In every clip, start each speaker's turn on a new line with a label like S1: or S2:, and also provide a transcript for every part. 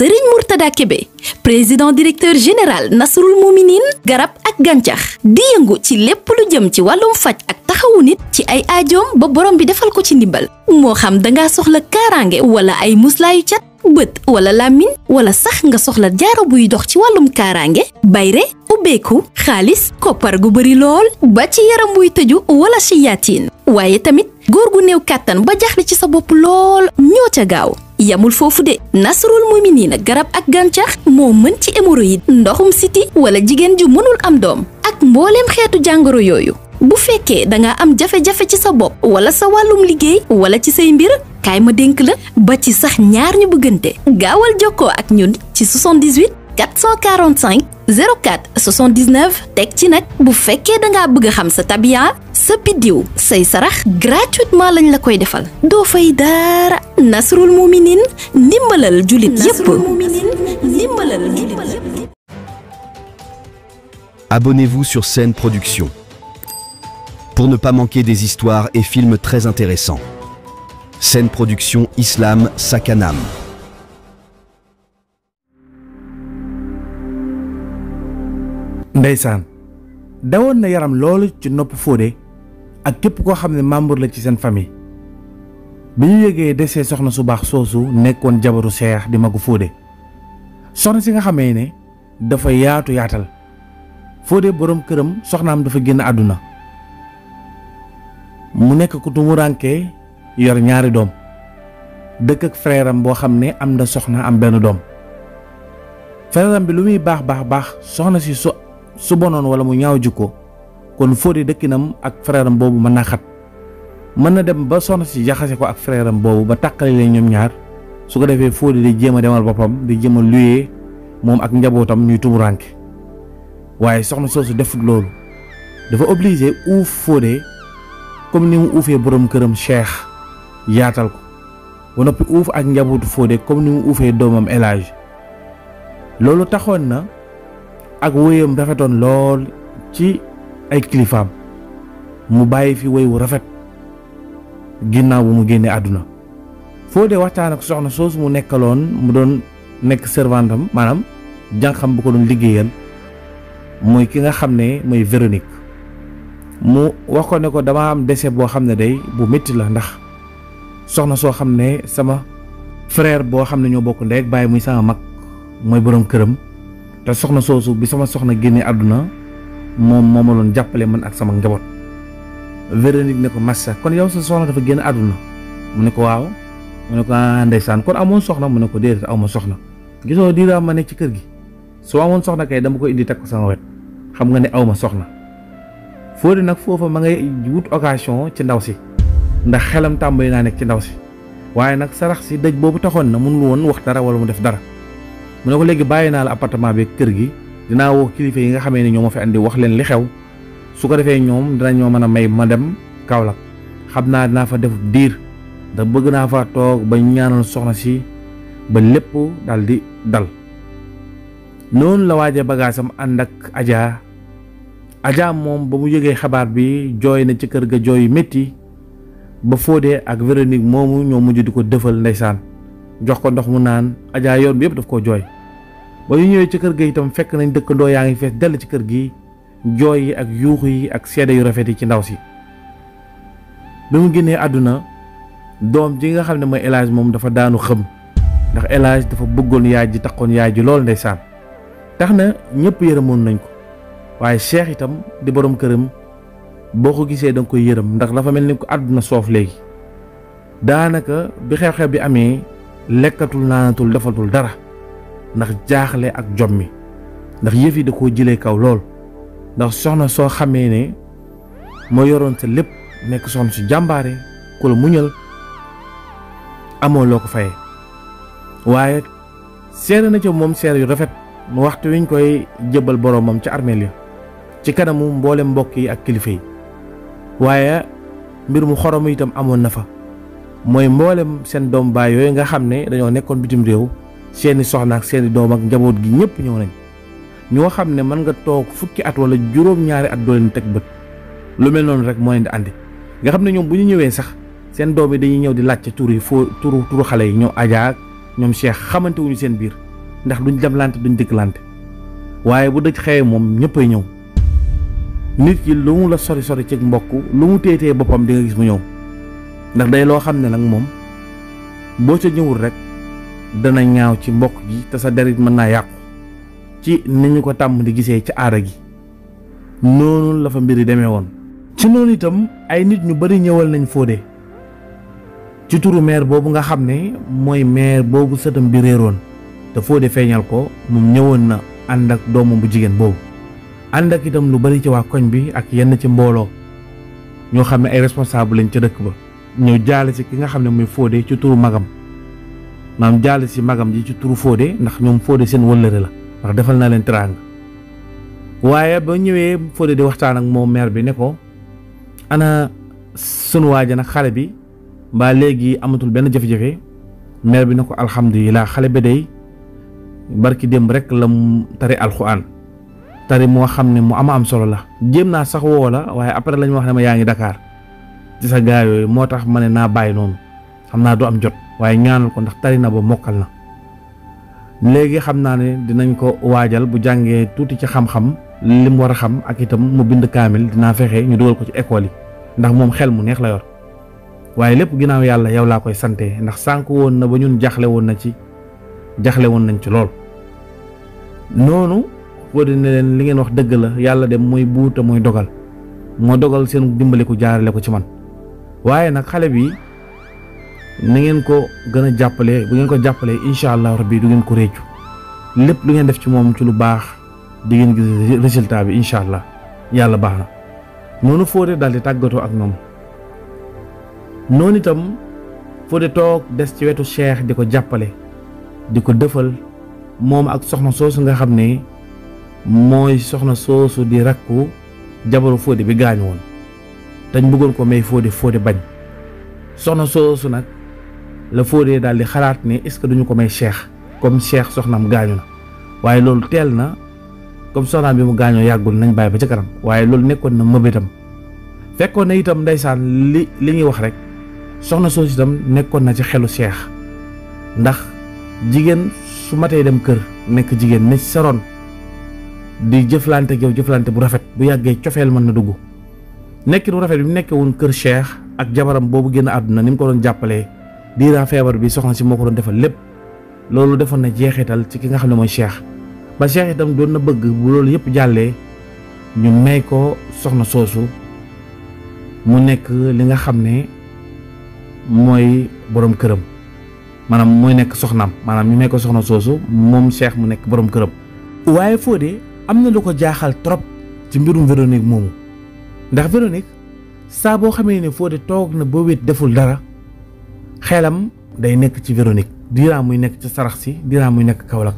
S1: Serigne murtadakebe, Presiden président directeur général Nasrul Mouminine garap ak gantax di yang ci lepp lu jëm ci walum fajj ak taxawu nit ci ay aajom ba borom bi defal ko ci ndimbal mo xam nga soxla karange wala ay muslaayu cat bët wala lamine wala sax nga soxla jaaro buy dox ci walum karange bayre ubeku, khalis koppar gu bari lol ba ci yaram buy teju wala ci yatine waye tamit gor gu new katan ba jaxli ci sa bop lol ñoo ca gaaw yamul foofu de nasrul muminina garab ak gàncax moo mën ci hémorroïde ndoxum siti wala jigéen ju mënul am doom ak mbooleem xeetu jàngoro yooyu bu fekkee danga am jafe-jafe ci sa bopp wala sa wàllum liggéey wala ci say mbir kaay ma dénk la ba ci sax ñaar ñu bëggante gaawal jokkoo ak ñun ci 78 445 04 79 tek ci nag bu fekke da nga bëgg xam sa tabiya sa gratuitement lañ la koy nasrul muminin dimbalal julit Abonnez-vous sur Scène Production pour ne pas manquer des histoires et films très intéressants. Scène Production Islam Sakanam
S2: ndeysaan dawoon na yaram loolu ci nopp Fodé ak képp koo xam ne membre la ci seen famille bi ñu yëgee desee soxna su baax soosu nekkoon jabaru seex di magu Fodé soxna si nga xamee ne dafa yaatu yaatal Fodé boroom këram soxnaam dafa génn àdduna mu nekk ku tumuraanke yor ñaari doom dëkk ak frère boo xam ne am na soxna am benn doom frère bi lu muy baax baax baax soxna si so su bonoon wala mu ñaaw ko kon Fodé dëkkinam ak frère boobu mën naa xat mën na dem ba soxna si jaxase ko ak frère boobu ba tàqale leen ñoom ñaar su ko defee Fodé di jéem a demal boppam di jéem a moom ak njabootam ñuy tumuranke waaye soxna soo soosu defut loolu dafa obligé uuf Fodé comme ni mu uufee borom këram Cheikh yaatal ko ba noppi uuf ak njabootu fóode comme ni mu uufee doomam El loolu taxoon na. ak woyam rafetoon lool ci ay kilifaam mu bàyyi fi woy wu rafet ginnaaw bu mu génnee àdduna Fodé waxtaan ak soxna soosu mu nekkaloon mu doon nekk servantam maanaam jànqam bu ko doon liggéeyal mooy ki nga xam ne mooy Véronique mu wax ko ne ko dama am décès boo xam ne day bu métti la ndax soxna soo xam ne sama frère boo xam ne ñoo bokk ndey ak baay muy sama mag mooy boroom këram ta soxna soosu bi sama soxna génnee aduna moom moo ma jàppale man ak sama njabot Véronique ne ko Massa kon yow sa soxna dafa génn aduna mu ne ko waaw mu ne ko ah ndeysaan kon amoon soxna mu ne ko déedéet aw ma soxna gisoo dira ma ne ci kër gi soo amoon soxna kay dama ko indi teg ko sama wet xam nga ne aw ma soxna nag foofa ma ngay wut occasion ci ndaw si ndax xelam tàmbali naa nekk ci ndaw si waaye nag sarax si dëj boobu taxoon na mënul woon wax dara wala mu def dara mu ne ko léegi bàyyi la appartement be keur gi dina wo kilife yi nga xamé ni ñoo fi andi wax leen li xew su ko defé ñoom dina mën mëna may ma dem Kaolack xamna dina fa def dir da bëgg na fa tok ba ñaanal soxna si ba lepp daldi di dal non la waje bagasam andak aja, aja mom ba mu yegge xabar bi joy na ci keur ga joy metti ba Fodé ak Véronique momu ñoo mujj di defal ndaysane jox ko ndox mu naan ajaa yoon bi yëpp daf koo jooy ba ñu ñëwee ci kër gi itam fekk nañ dëkkandoo yaa ngi fees dell ci kër gi jooy yi ak yuuxu yi ak seede yu rafet yi ci ndaw si bi mu génnee àdduna doom ji nga xam ne mooy Elage moom dafa daanu xëm ndax Elage dafa bëggoon yaay ji takkoon yaay ji loolu ndeysaan tax na ñëpp yërëmoon nañ ko waaye Cheikh itam di boroom këram boo ko gisee danga koy yërëm ndax dafa mel ni ko àdduna soof léegi daanaka bi bi amee. lekkatul naanatul defatul dara ndax jaaxle ak jommi ndax yëf yi da koo jëlee kaw lool ndax soxna soo xamee ne moo yoroon sa lépp nekk soxna su jàmbaare ku la muñal amoo loo ko fayee waaye seere na ca moom seere yu rafet mu waxtu wiñ koy jëbal boroomam ca armeel yi ci kanamu mboole mbokk yi ak kilifa yi waaye mbir mu xorom itam amoon na fa mooy mboolem seen doom baay yooyu nga xam ne dañoo nekkoon bitim réew seeni soxna ak seeni doom ak njaboot gi ñëpp ñëw nañ ñoo xam ne mën nga toog fukki at wala juróom-ñaari at doo leen teg bët lu mel noonu rek moo leen àndi nga xam ne ñoom bu ñu ñëwee sax seen doom yi dañuy ñëw di laajte tur yi foo turu turu xale yi ñoom ajaak ñoom Cheikh xamantewuñu seen biir ndax duñ demlante duñ dëkklante waaye bu dëj xewee moom ñëppay ñëw nit ki lu sori sori ci mbokk lu mu téetee boppam di gis mu ñëw ndax day lo xamne nak mom bo ca rek dana ñaaw ci mbokk gi te sa derit mën na yaq ci niñu ko tam di gisee ci ara gi nonu la fa mbiri deme won ci nonu itam ay nit ñu bari ñewal nañ fóode ci turu maire bobu nga xamne moy maire bobu sëtam bi réeroon te fóode feñal ko mum ñewon na andak doomu bu jigen bobu andak itam lu bari ci wa koñ bi ak yenn ci mbolo ñoo xamne ay responsable lañ ci dëkk ba ñëw jaale si ki nga xam ne muy fóode ci turu magam maam jaale si magam ji ci turu Fodé ndax ñoom Fodé seen wëllëre la ndax defal na leen teraanga waaye ba ñëwee Fodé di waxtaan ak moom maire bi ne ko ana sunu waaja nag xale bi mbaa léegi amatul benn jafe-jafe maire bi ne ko alhamdulilah xale bi day barki démb rek la mu tari alxuraan tari moo xam ne mu ama am solo la jéem naa sax woo la waaye après lañ wax ne ma yaa ngi dakaar ci sa gaa yooyu moo tax ma ne naa bàyyi noonu xam naa du am jot waaye ñaanal ko ndax tari na ba mokkal na léegi xam naa ne dinañ ko waajal bu jàngee tuuti ci xam-xam li mu war a xam ak itam mu bind kaamil dinaa fexe ñu dugal ko ci école yi ndax moom xel mu neex la yor waaye lépp ginnaaw yàlla yow laa koy sante ndax sànq woon na ba ñun jaxle woon na ci jaxle woon nañ ci lool noonu foo di leen li ngeen wax dëgg la yàlla dem mooy buuta mooy dogal moo dogal seen dimbali ko jaarale ko ci man waaye nag xale bi na ngeen ko gën a jàppale bu ngeen ko jàppalee incha allah rabbi du ngeen ko réccu lépp lu ngeen def ci moom ci lu baax di ngeen gis résultat bi incha allah yàlla baax na noonu Fodé daal di tàggatoo ak ñoom noonu itam Fodé toog des ci wetu Cheikh di ko jàppale di ko dëfal moom ak soxna soosu nga xam ni mooy soxna soosu di rakku jabaru Fodé bi gaañu woon. dañ bëggoon ko may Fodé Fodé bañ soxna soosu nag la Fodé daal di xalaat ne est-ce que duñu ko may Cheikh comme Cheikh soxnaam gaañu na waaye loolu teel na comme soxnaam bi mu gaañoo yàggul nañ bàyyi ba ca kanam waaye loolu nekkoon na mëbétam fekkoon na itam ndeysaan li li ñuy wax rek soxna soosu itam nekkoon na ci xelu Cheikh ndax jigéen su matee dem kër nekk jigéen ne saroon di jëflante yow jëflante bu rafet bu yàggee cofeel mën na dugg. nekkin wu rafet bi mu nekkee woon kër Cheikh ak jabaram boobu génn àdduna ni mu ko doon jàppalee diiraa feebar bi soxna si moo ko doon defal lépp loolu defoon na jeexital ci ki nga xam ne mooy Cheikh ba Cheikh itam doon na bëgg bu loolu yëpp jàllee ñu may ko soxna soosu mu nekk li nga xam ne mooy boroom këram maanaam mooy nekk soxnaam maanaam ñu may ko soxna soosu moom Cheikh mu nekk boroom këram. waaye foo Fodé am na lu ko jaaxal trop ci mbirum Véronique moomu. ndax véronique saa boo xamee ne Fodé toog na wét deful dara xelam day nekk ci véronique diraa muy nekk ci sarax si diraa muy nekk kawlak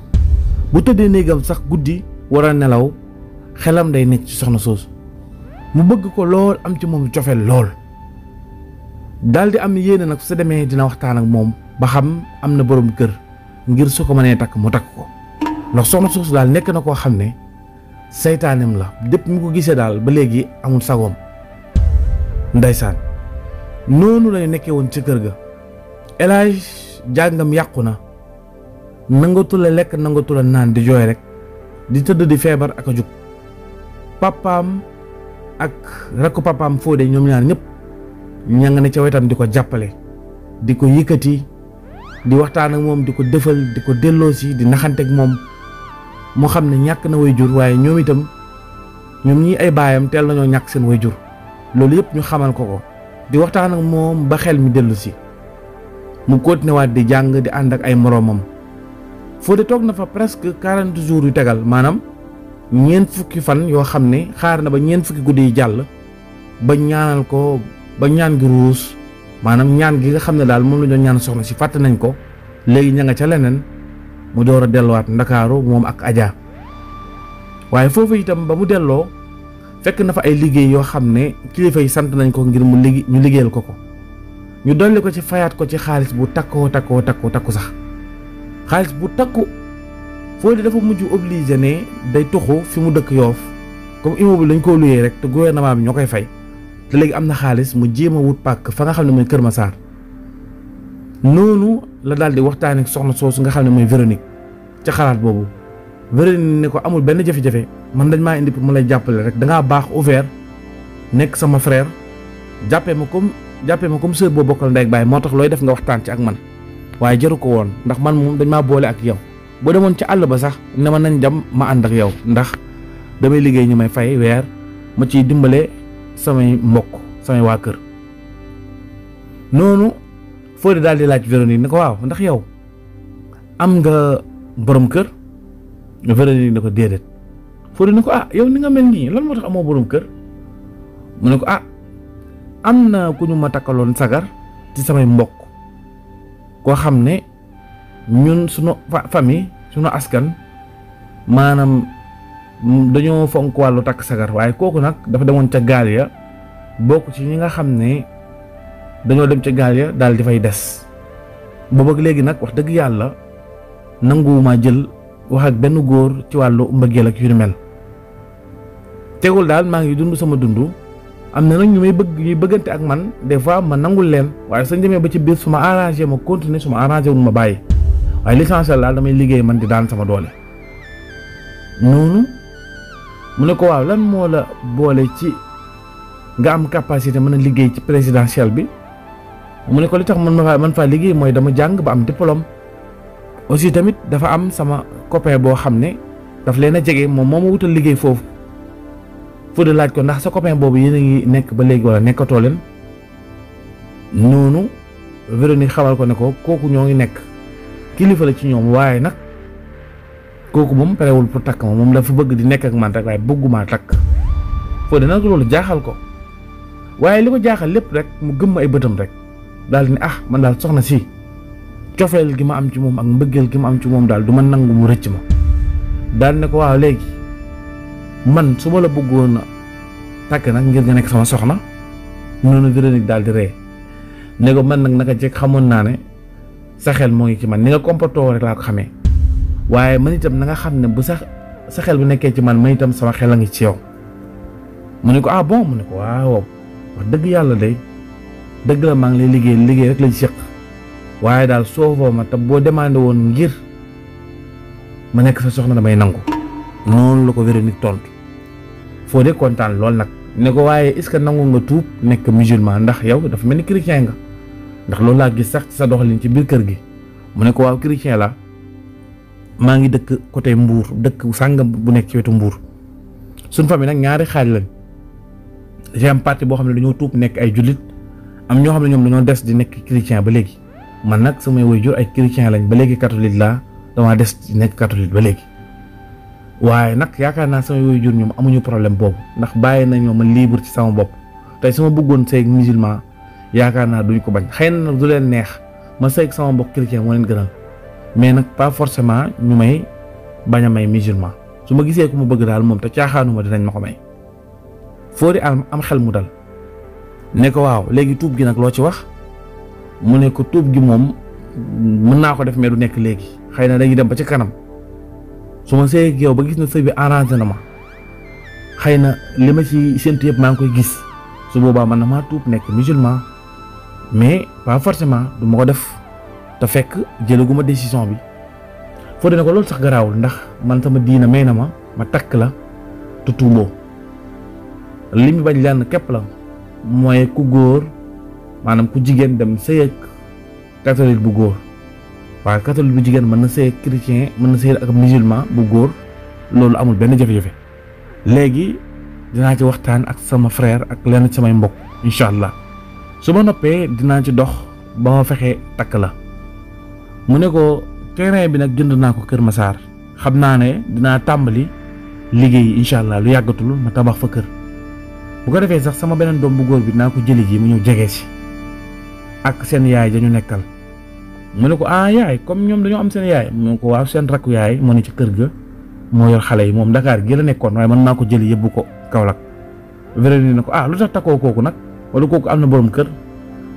S2: bu tëddee néegam sax guddi war a nelaw xelam day nekk ci soxna soosu mu bëgg ko lool am ci moom cofeel lool daal di am yéene nag su demee dina waxtaan ak moom ba xam am na borom kër ngir su ko mënee mu takk ko ndax soxna daal nekk na koo xam seytaanem la dépp mu ko gisee daal ba léegi amul sagoom ndeysaan noonu lay nekkee woon ca kër ga El jàngam yàqu na nangatu lekk nangatula naan di jooy rek di tëdd di feebar ak a jug papaam ak rakku papaam Fodé ñoom ñaar ñëpp ña nga ca wetam di ko jàppale di ko yëkkati di waxtaan ak moom di ko defal di ko delloosi di naxanteeg moom. mu xam ne ñàkk na way jur waaye ñoom itam ñoom ñi ay baayam teel nañoo ñàkk seen way jur loolu yëpp ñu xamal ko ko di waxtaan ak moom ba xel mi dellu si mu continué waat di jàng di ànd ak ay moroomam Fodé toog na fa presque quarante jours yu tegal maanaam ñeent fukki fan yoo xam ne xaar na ba ñeent fukki guddi yi jàll ba ñaanal ko ba ñaan gi ruus maanaam ñaan gi nga xam ne daal moom la ñu ñaan soxna si fàtte nañ ko léegi ña nga ca leneen. mu door a delluwaat ndakaaru moom ak Adja waaye foofu itam ba mu delloo fekk na fa ay liggéey yoo xam ne kilifa yi sant nañ ko ngir mu liggéey ñu liggéeyal ko ko ñu dolli ko ci fayaat ko ci xaalis bu takkoo takkoo takkoo takku sax xaalis bu takku Fodé dafa mujj obligé ne day toxu fi mu dëkk yoof comme immeuble dañ ko luyee rek te gouvernement bi ñoo koy fay te léegi am na xaalis mu jéema wut pàkk fa nga xam ne mooy Kër Massar noonu la daal di waxtaan ak soxna soosu nga xam ne mooy Véronique ca xalaat boobu Véronique ne ko amul benn jafe-jafe man dañ maa indi pour ma lay jàppale rek dangaa baax ouvert nekk sama frère jàppe ma kom jàppee ma comme sœur boo bokkal ndey ak baay moo tax looy def nga waxtaan ci ak man waaye jaru ko woon ndax man moom dañ maa boole ak yow boo demoon ci àll ba sax ne ma nañ dem ma ànd ak yow ndax damay liggéey ñu may fay weer ma ciy dimbale samay mbokk samay waa kër Fodé daal di laaj Véronique ne ko waaw ndax yow am nga boroom kër Véronique ne ko déedéet Fodé ne ko ah yow ni nga mel nii lan moo tax amoo borom kër mu ne ko ah am na ku ñu ma takkaloon sagar ci samay mbokk koo xam ne ñun sunu famille sunu askan maanaam dañoo fonk wàllu takk sagar waaye kooku nag dafa demoon ca gaal ya bokk ci ñi nga xam ne dañoo dem ci gaal ya daal di fay des boobu ak léegi nag wax dëgg yàlla nanguwuma jël wax ak benn góor ci wàllu mbëggeel ak yu mel tegul daal maa ngi dund sama dundu, am na nag ñu may bëgg ñuy bëggante ak man des fois ma nangul leen waaye sañ demee ba ci biir su ma arrangé ma continuer su ma wu ma bàyyi waaye l'essentiel daal damay liggéey man di daan sama doole noonu mu ne ko waaw lan moo la boole ci nga am capacité mën liggéey ci présidentiel bi mu ne ko li tax man ma faa man faa liggéey mooy dama jàng ba am diplôme aussi tamit dafa am sama copain boo xam ne daf leen a jege moom moo ma wutal liggéey foofu Fodé laaj ko ndax sa copain boobu yéen ngi nekk ba léegi wala nekkatoo leen noonu Véronique xamal ko ne ko kooku ñoo ngi nekk kilifa la ci ñoom waaye nag kooku moom parewul pour takk ma moom dafa bëgg di nekk ak man rek waaye bëggumaa takk Fodé nag loolu jaaxal ko waaye li ko jaaxal lépp rek mu gëmm ay bëtam rek. dal ni ah man dal soxna si cofeel gi ma am ci mom ak mbeugel gi ma am ci mom dal duma ma ma dal ne ko waaw legi man suma la bëggoon a nak ngir nga nek sama soxna nonu Véronique dal di re ne ko man nak naka jek xamone na ne sa xel mo ngi ci man ni nga comporto rek la ko xame waye man itam nga xamne bu sax sa xel bu nekké ci man man itam sama xel a ngi ci yow muniko ah bon muniko waaw wax deug yalla day dëgg la maa ngi lay liggéey liggéey rek lañ séq waaye daal soo foo ma te boo demandé woon ngir ma nekk sa soxna damay nangu noonu la ko Véronique tontu foo de kontaan lool nag ne ko waaye est-ce que nangu nga tuub nekk musulman ndax yow dafa mel ni chrétien nga ndax loolu laa gis sax ci sa doxalin ci biir kër gi mu ne ko waaw chrétien la maa ngi dëkk côté mbuur dëkk sàng bu nekk ci wetu mbuur suñ famille nag ñaari xaaj lañ j'ai am parti boo xam ne dañoo tuub nekk ay jullit am ñoo xam ne ñoom dañoo des di nekk chrétien ba léegi man nag samay waajur ay chrétien lañ ba léegi catholique laa dama des di nekk catholique ba léegi waaye nag yaakaar naa samay waajur ñoom amuñu problème boobu ndax bàyyi nañoo ma libre ci sama bopp tey sama bëggoon sëy musulman yaakaar naa duñ ko bañ xëy na du leen neex ma sëy sama mbokk chrétien moo leen gënal mais nag pas forcément ñu may bañ a may musulman su ma gisee ku ma bëgg daal moom te caaxaanuma dinañ ma ko may foori am xel mu dal ne ko waaw léegi tuub gi nag loo ci wax mu ne ko tuub gi moom mën naa ko def mais du nekk léegi xëy na léegi dem ba ci kanam su ma sëy ak ba gis na sëy bi arrangé na ma xëy na li ma ci séntu yëpp maa ngi koy gis su boobaa man na maa tuub nekk musulman mais pas forcement du ma ko def te fekk jëlaguma décision bi foo dina ko loolu sax garaawul ndax man sama diina may na ma ma takk la te tuuboo li mu bañ lenn képp la. mooy ku góor maanaam ku jigéen dem sëy ak catholique bu góor waaw catholique bu jigéen mën na sëy ak chrétien mën na sëy ak musulman bu góor loolu amul benn jafe-jafe léegi dinaa ci waxtaan ak sama frère ak lenn samay mbokk incha allah su ma noppee dinaa ci dox ba ma fexe takk la mu ne ko terrain bi nag jënd naa ko Kër Massar xam naa ne dinaa tàmbali liggéey incha allah lu yàggatul ma tabax fa kër. bu ko defee sax sama beneen doom bu góor bi naa ko jëli ji mu ñëw jege si ak seen yaay dañu nekkal mu ne ko ah yaay comme ñoom dañoo am seen yaay mu ne ko waaw seen rakku yaay moo ne ci kër ga moo yor xale yi moom Dakar gi la nekkoon waaye mën naa ko jëli yóbbu ko Kaolack Véronique ne ah lu tax takkoo kooku nag wala kooku am na boroom kër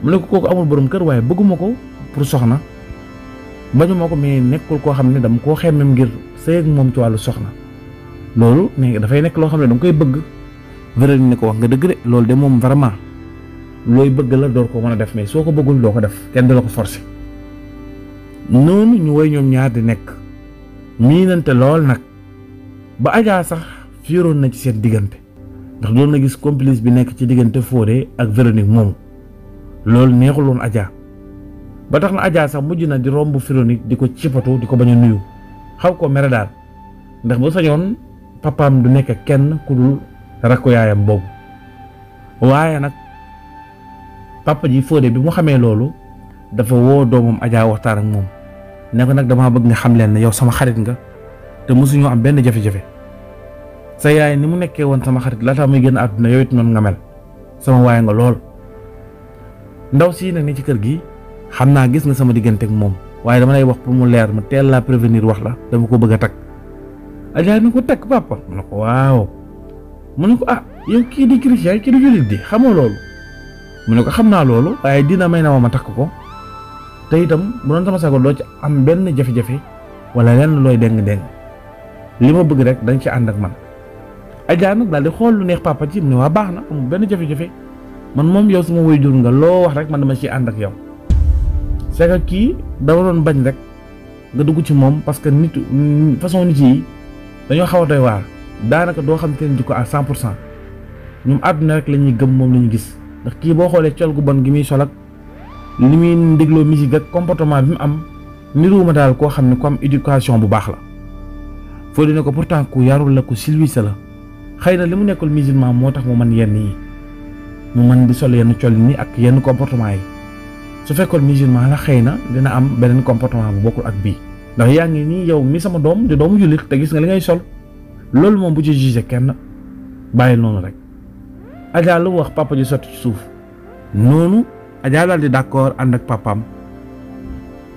S2: mu ne ko kooku amul borom kër waaye bëgguma ko pour soxna bañuma ko mais nekkul koo xam ne dama koo xemmem ngir sëy ak moom ci wàllu soxna loolu ne dafay nekk loo xam ne danga koy bëgg wéral ni ko wax nga deug de loolu de mom vraiment loy bëgg la dor ko mën def mais soko ko bëggul ko def kenn dala ko forcer non ñu way ñom ñaar di mi nante lol nak ba ajaa sax fiiroon na ci seen diggante ndax do na gis complice bi nek ci diggante foré ak Véronique mom lol neexul won ajaa ba tax na aja sax mujj na di rombu Véronique diko ko cipatu di nuyu xaw ko mere dal ndax bu sañon papam du nek kenn kudul rakku yaayam boobu waaye nag pàppa ji Fodé bi mu xamee loolu dafa woo doomam ajaa waxtaan ak moom ne nag damaa bëgg nga xam leen ne yow sama xarit nga te mosuñoo am benn jafe-jafe sa yaay ni mu nekkee woon sama xarit laata muy génn àdduna yow it noonu nga mel sama waay nga lool ndaw sii nag ne ci kër gi xam naa gis nga sama digganteeg moom waaye dama lay wax pour mu leer ma teel laa prévenir wax la dama ko bëgg a takk Adja na ko takk papa mu ne ko ah yow kii di christian kii di julit di xamoo loolu mu ne ko xam naa loolu waaye dina may na ma takk ko te itam bu doon sama sago doo ci am benn jafe-jafe wala lenn looy deng-deng li ma bëgg rek dañ ci ànd ak man ajaa nag daal di xool lu neex papa ci ne waa baax na amul benn jafe-jafe man moom yow sama way jur nga loo wax rek man dama ci ànd ak yow c'est que kii dama doon bañ rek nga dugg ci moom parce que nit façon nit yi dañoo xaw a doy waar danaka do xam seen jikko à 100 ñum aduna rek lañuy gëm mom lañuy gis ndax ki bo xolé ciol gu bon gi mi solak ak li musique ak comportement bi mu am niruuma daal koo xam ne ku am éducation bu bax la fo dina ko pourtant ku yarul la ku silwi sala xeyna limu nekkul musulman motax tax mu man yenn yi mu man di sol yenn ciol ni ak yenn comportement yi su fekkoon musulman la xeyna dina am benen comportement bu bokul ak bi ndax yaangi ni yow mi sama dom di doomu jullit te gis nga li ngay sol loolu moom bu ci jugé kenn bàyyil noonu rek Adja lu wax papa ji sotti ci suuf noonu Adja daal di ànd ak papaam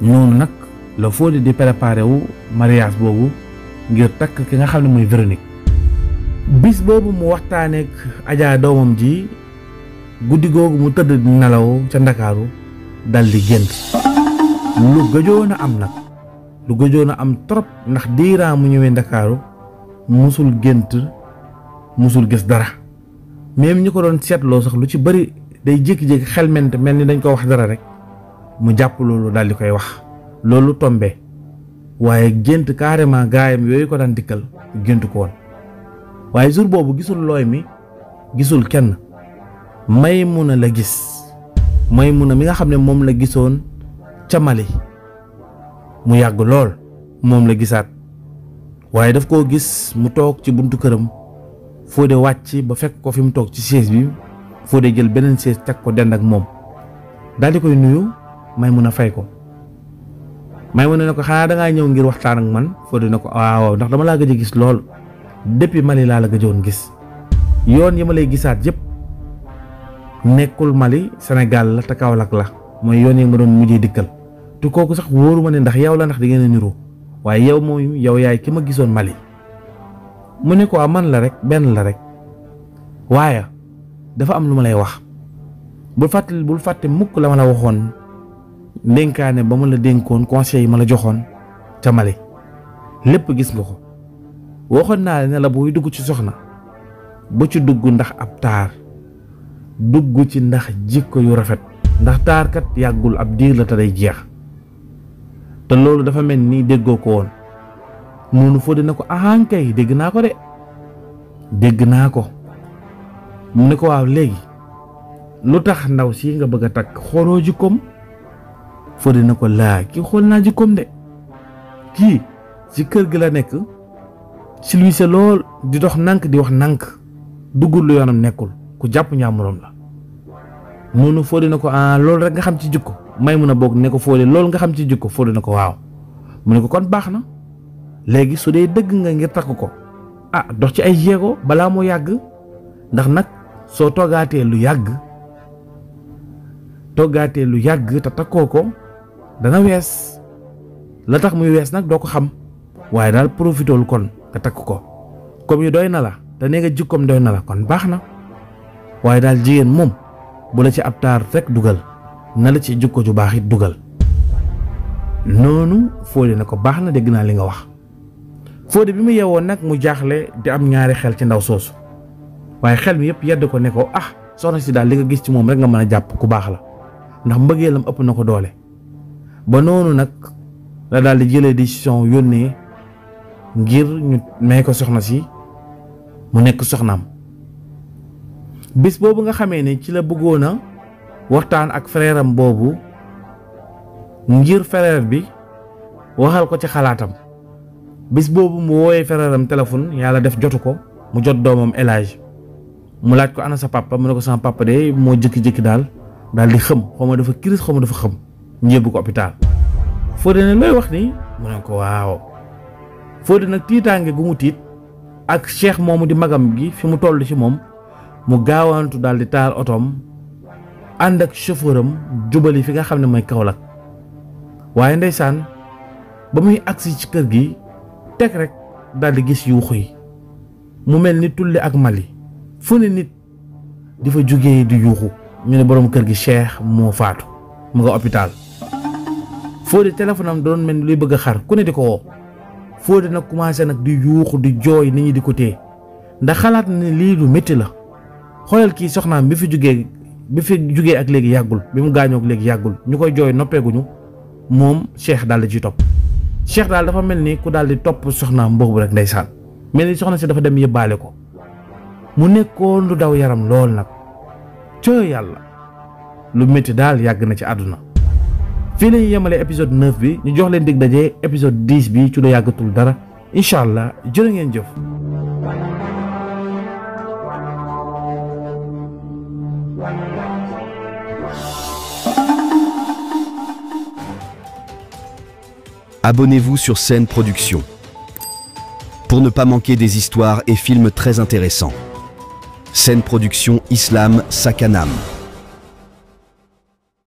S2: noonu nag la Fodé di préparé wu mariage boobu ngir takk ki nga xam ne mooy Véronique bis boobu mu waxtaaneek Adja doomam ji guddi googu mu tëdd nelaw ca Ndakaaru daldi di gént lu gëjoon a am nag lu gëjoon a am trop ndax diiraa mu ñëwee Ndakaaru musul gént musul gis dara mi ñu ko doon seetloo sax lu ci bari day jékki-jékki xelmente mel ni dañ ko wax dara rek mu jàpp loolu daal di koy wax loolu tombe waaye gént carrément gaayam yooyu ko daan dikkal gént koon waaye jour boobu gisul looy mi gisul kenn Maymuna la gis may Maymuna mi nga xam ne moom la gisoon ca Mali mu yàgg lool moom la gisaat waye daf ko gis mu tok ci buntu fo de wacc ba fekk ko fim tok ci chaise bi de jël benen chaise teg ko dend ak mom nuyu may mëna fay ko may mun nako xana da nga ñew ngir waxtaan ak man fo de nako ah, waaw ndax dama la gëj gis lool depuis Mali la la gëjoon gis yoon yi ma lay gisaat yépp nekkul Mali Sénégal la takaw lak la moy yoon yi ma doon mujjé dikkal tu koku sax woruma ne ndax yaw la ndax di ngeen niro waaye yow moomu yow yaay ki ma gisoon Mali mu ne ko ah, man la rek benn la rek waaye dafa am lu ma lay wax bu fàttali bul fàtte mukk la ma la waxoon ndénkaane ba ma la dénkoon conseil yi ma la joxoon ca Mali lépp gis nga ko waxoon naa ne la buy dugg ci soxna bu ci dugg ndax ab taar dugg ci ndax jikko yu rafet ndax taar kat yàggul ab diir la te day jeex te loolu dafa mel nii déggoo ko woon noonu foo dina ko yi dégg naa ko de dégg naa ko mu ne ko waaw léegi lu tax ndaw si nga bëgg a takk xooloo jikkoom foo dina ko laa kii xool naa jikkoom de kii si kër gi la nekk silwise lool di dox nank di wax nànk duggul lu yoonam nekkul ku jàpp ñaamuram la noonu foo ko ah loolu rek nga xam ci jikko may Maymuna boog ne ko Fodé loolu nga xam ci jikko Fodé na ko waaw mu ne ko kon baax na léegi su dee dëgg nga ngir takk ko ah dox ci ay jéego balaa moo yàgg ndax nag soo toggaatee lu yàgg toggaatee lu yàgg te takkoo ko dana wees la tax muy wees nag doo ko xam waaye daal profitool kon nga takk ko comme yi doy na la te nee nga jikkoom doy na la kon baax na waaye daal jigéen moom bu la ci ab taar rek dugal na la ci jukko ju baxit duggal dugal noonu nako baxna deg na wana li nga wax fóode bima yewo nak mu jaaxle di am ñaari xel ci ndaw soso waye xel mi yep yedd ko ne ah soxna si dal li nga gis ci mom rek nga mëna japp ku bax la ndax mbeugelam ëpp nako doole ba nonu nak la dal di jëlee décision yonne ngir ñu may ko soxna si mu nek soxnam bis bobu nga xamé ne ci la bëggona waxtaan ak frère boobu ngir frère bi waxal ko ci xalaatam bis boobu mu wooyee frère am yàlla def jotu ko mu jot doomam El mu laaj ko ana sa papa mu ne ko sama papa de moo jëkki-jëkki daal daal di xëm xaw dafa crise xaw dafa xëm ñu yóbbu ko hôpital Fodé ne looy wax nii mu ne ko waaw Fodé nag tiitaange gu mu tiit ak cheikh moomu di magam gi fi mu toll ci moom mu gaawantu daal di taal otoom ànd ak chauffeur am jubali fi nga xam ne mooy Kaolack waaye ndeysaan ba muy agsi ci kër gi teg rek daal di gis yuuxu yi mu mel ni tulli ak Mali fu ne nit di fa jógee di yuuxu ñu ne boroom kër gi Cheikh moo faatu mu nga hôpital Fodé téléphone am doon mel ni luy bëgg xar ku ne di ko woo Fodé nag commencé nag di yuuxu di jooy nit ñi di ko téye ndax xalaat na ne lii lu métti la xoolal kii soxnaam bi fi jógee bi fi jógee ak léegi yàggul bi mu gaañoo ak léegi yàggul ñu koy jooy noppeeguñu moom Cheikh daal di ci topp Cheikh daal dafa mel ni ku daal di topp soxnaam boobu rek ndeysaan mel ni soxna si dafa dem yëbbaale ko mu nekkoon lu daw yaram lool nag coo yàlla lu metti daal yàgg na ci àdduna fii la ñuy yemale épisode bi ñu jox leen dig daje épisode 10 bi ci lu yàggatul dara incha allah jërë ngeen jëf.
S1: abonnez-vous sur Scène Production pour ne pas manquer des histoires et films très intéressants. Scène Production Islam Sakanam.